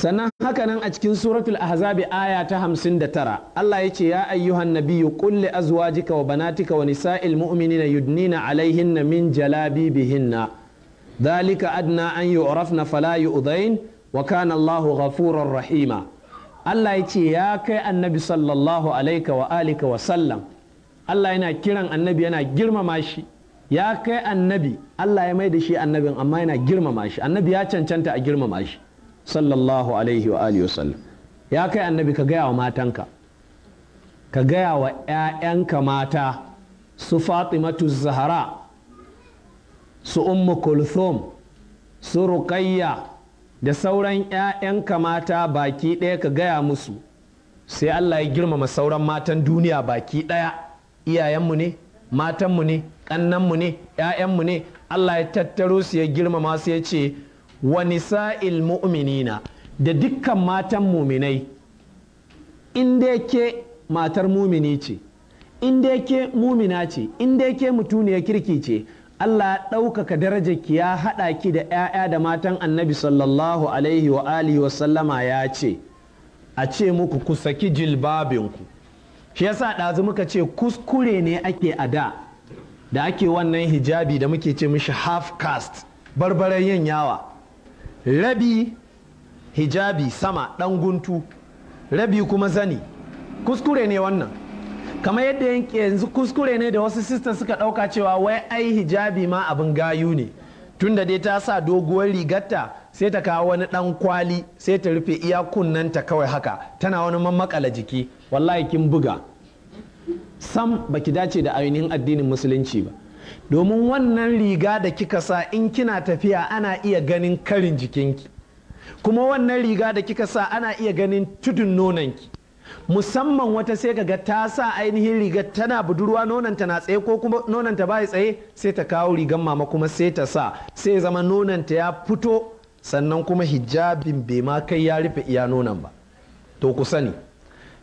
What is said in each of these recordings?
sannan hakanan a cikin suratul ahzabi aya ta hamsin da tara Allah ya ce ya ayyuhan nabiyyu qul azwajika wa banatika wa nisa'il mu'minina yudnina alaihinna min jalabibihinna dhalika adna an yu'rafna fala yu'dain wa kana Allahu ghafurar rahima Allah ya ce ya kai annabi sallallahu alaika wa alika wa sallam Allah yana kiran annabi yana girmama shi ya kai annabi Allah ya mai da shi annabin amma yana girmama shi annabi ya cancanta a girmama shi sallallahu alaihi wa alihi wasallam ya kai annabi ka gaya wa matanka ka gaya wa 'ya'yanka mata su fatimatu zahara su ummu kulthum su ruqayya da sauran 'ya'yanka mata baki ɗaya ka gaya musu sai Allah ya girmama sauran matan duniya baki ɗaya iyayenmu ne matanmu ne ƙannanmu ne 'ya'yanmu ne Allah ya tattaro su ya girmama su ya ce wa nisa'il mu'minina da dukkan matan muminai in dai ke matar mumini ce in dai ke mumina ce in dai ke mutuniyar kirki ce Allah ya ɗaukaka darajar ki ya haɗa ki da 'ya'ya da matan annabi sallallahu alaihi wa alihi wasallama ya ce a ce muku ku saki jilbabinku shi yasa ɗazu muka ce kuskure ne ake a da da ake wannan hijabi da muke ce mishi half caste Barbaran yin yawa rabi hijabi sama ɗan guntu rabi kuma zani kuskure ne wannan kamar yadda yanzu kuskure ne da wasu sistan suka ɗauka cewa wai ai hijabi ma abin gayu ne tunda dai ta sa doguwar rigarta sai ta kawo wani ɗan kwali sai ta rufe iya kunnanta kawai haka tana wani mammakala jiki wallahi kin buga sam baki dace da ainihin addinin musulunci ba domin wannan riga da kika sa in kina tafiya ana iya ganin karin jikinki kuma wannan riga da kika sa ana iya ganin tudun nonanki musamman wata sai kaga ta sa ainihin rigar tana budurwa nonanta na tsaye ko kuma nonanta ba tsaye sai ta kawo rigar mama kuma sai ta sa sai zama nonanta ya fito sannan kuma hijabin bai ma kai ya rufe iya nonan ba to ku sani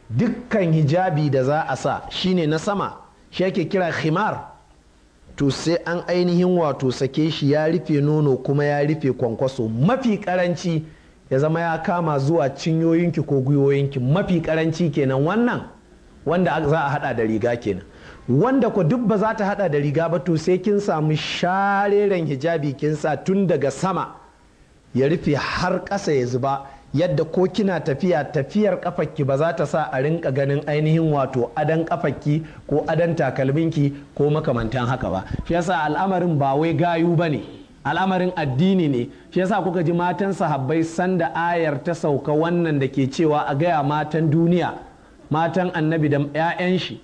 dukkan hijabi da za a sa shine na sama shi ake kira khimar to sai an ainihin wato sake shi ya rufe nono kuma ya rufe kwankwaso mafi karanci ya zama ya kama zuwa cinyoyinki ko gwiwoyinki mafi karanci kenan wannan wanda za a hada da riga kenan wanda ko duk ba za ta hada da riga ba to sai kin samu shareren hijabi kin sa tun daga sama ya rufe har ƙasa ya zuba yadda ko kina tafiya tafiyar kafarki ba za ta sa a rinka ganin ainihin wato adan kafarki ko adan takalminki ko makamantan haka ba shi yasa al'amarin ba wai gayu ba ne al'amarin addini ne shi yasa kuka ji matan sahabbai sanda ayar ta sauka wannan da ke cewa a gaya matan duniya matan annabi da 'ya'yan shi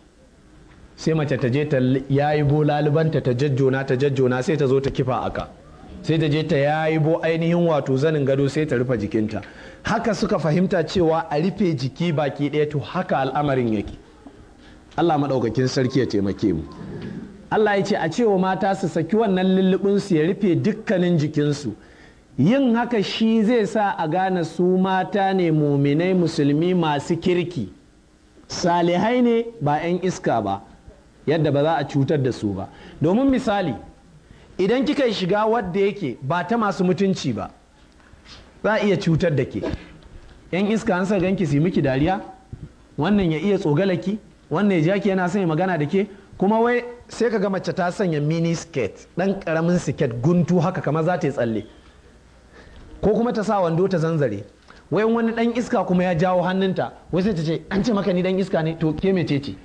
sai mace ta je ta yayi bo lalibanta ta jajjona ta jajjona sai ta zo ta kifa aka sai ta je ta yayi bo ainihin wato zanin gado sai ta rufe jikinta haka suka fahimta cewa a rufe jiki baki ɗaya to haka al'amarin yake Allah maɗaukakin sarki ya taimake mu Allah ya ce a cewa mata su saki wannan lullubinsu ya rufe dukkanin jikinsu yin haka shi zai sa a gane su mata ne muminai musulmi masu kirki salihai ne ba 'yan iska ba yadda ba za a cutar da su ba domin misali idan kika shiga wadda yake ba ta masu mutunci ba za a iya cutar da ke yan iska an sa ganki su miki dariya wannan ya iya tsogalaki wannan ya jaki yana sanya magana da ke kuma wai sai ka ga mace ta sanya mini skirt dan karamin siket guntu haka kamar za ta yi tsalle ko kuma ta sa wando ta zanzare wai wani dan iska kuma ya jawo hannunta wai sai ta ce an ce maka ni dan iska ne to ke mece ce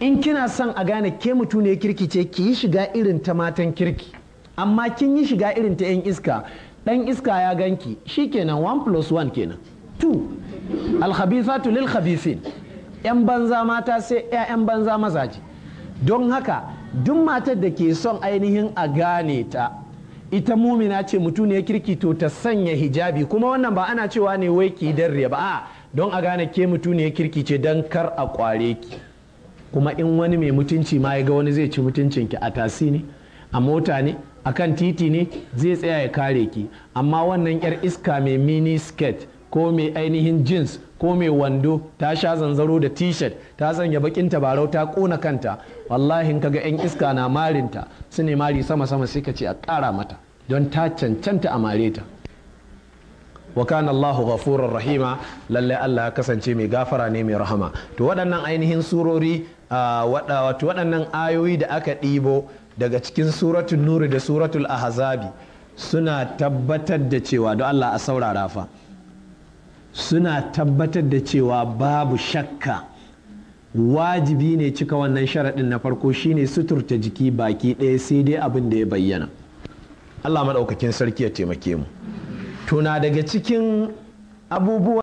in kina son a gane ke mutu ne kirki ce ki yi shiga irin ta matan kirki amma kin yi shiga irin ta yan iska dan iska ya ganki shikenan 1 plus 1 kenan 2 alkhabithatu lil yan banza mata sai yayan banza mazaje don haka duk matar da ke son ainihin a gane ta ita mumina ce mutu ne kirki to ta sanya hijabi kuma wannan ba ana cewa ne wai ki darre ba a don a gane ke mutu ne ya kirki ce don kar a kware ki kuma in wani mai mutunci ma ya ga wani zai ci mutuncinki a tasi ne a mota ne a kan titi ne zai tsaya ya kare ki amma wannan yar iska mai mini skirt ko mai ainihin jeans ko mai wando ta sha zanzaro da t-shirt ta sanya bakin tabarau ta kona kanta wallahi kaga yan iska na marinta su ne mari sama sama sai ka ce a kara mata don ta cancanta a mare ta wa kana Allahu ghafurur rahima Lallai Allah ya kasance mai gafara ne mai rahama to waɗannan ainihin surori ah, wato waɗannan ayoyi da aka ɗibo daga cikin suratul nuri da suratul ahzabi suna tabbatar da cewa don Allah a saurara fa suna tabbatar da cewa babu shakka wajibi ne cika wannan sharaɗin na farko shine suturta jiki baki ɗaya sai dai abin da ya bayyana Allah maɗaukakin sarki ya taimake mu tuna daga cikin abubuwa